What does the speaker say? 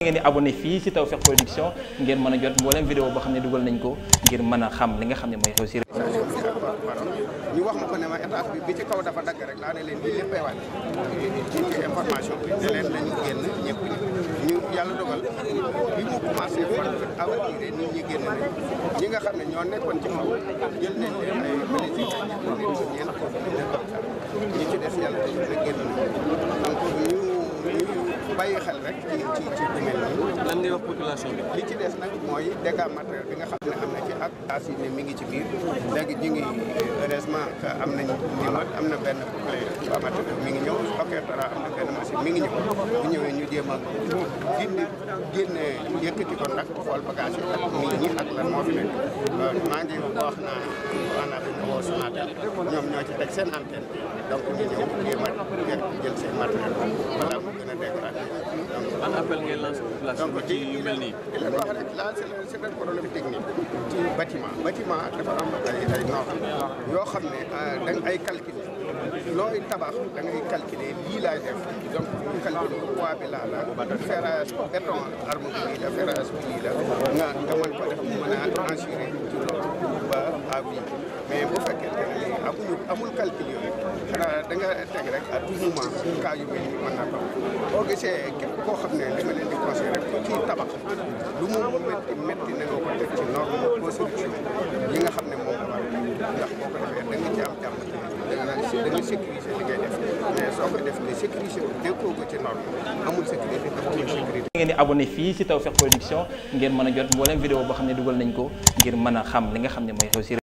ngeen di abonné fii ci Tawfekh Production ngeen mën a jot mboolem vidéo boo xam ne dugal nañ ko ngir mën a xam li nga xam ne mooy xew ci ñu wax ma ko ne ma étage bi bi ci kaw dafa dagg rek laa ne leen lii léppay wàññi ci ci information bi ne leen lañu génn ñëpp ñu yàlla dogal bi mu commencé fa avenir nit ñi génn nañ ñi nga xam ne ñoo nekkoon ci moom jël nañ leen ay blessé ñi génn nañ bàyyi xel rek ci ci mel noonu. lan li ci des nag mooy dégâts matériels bi nga xam ne xam na ci ak taas yi mi ngi ci biir léegi ñu ngi heureusement que am nañu ñëwaat am na benn matériel mi ngi ñëw Okétara am na benn machine mi ngi ñëw bu ñëwee ñu jéem a gindi génne yëkkati ko nag xool bagage yi ak nit ñi ak lan moo fi nekk euh, maa ngi wax naa maanaam woo Sonatel ñoom ñoo ci teg seen antenne donc ñu ñëw ban appel ngay lancer population bi ci yu mel nii. di leen wax rek là c' est un problème technique. ci bâtiment bâtiment dafa am ay ay normes yoo xam ne euh, da nga ay calcul. looy tabax da ngay calculer lii laay def donc bu ñu calculer poids bi laa la ferrage béton arme bi lii la ferrage bi lii la nga nga mën ko def mën a assurer. à mais bu fekkente ne amul calcul yooyu xanaa nga koo xam ne li ma leen di conseillé rek ku ciy tabax ndax boo ko defee da nga ci am li ngay def mais soo ko def ne sécuriser ko déggoo ko ci norme amul sécurité ndax amul sécurité. ngeen di abonné fii ci Tawfekh Production ngeen mën a jot mboolem vidéo boo xam ne dugal nañ ko ngir mën a xam li nga xam ne mooy xew si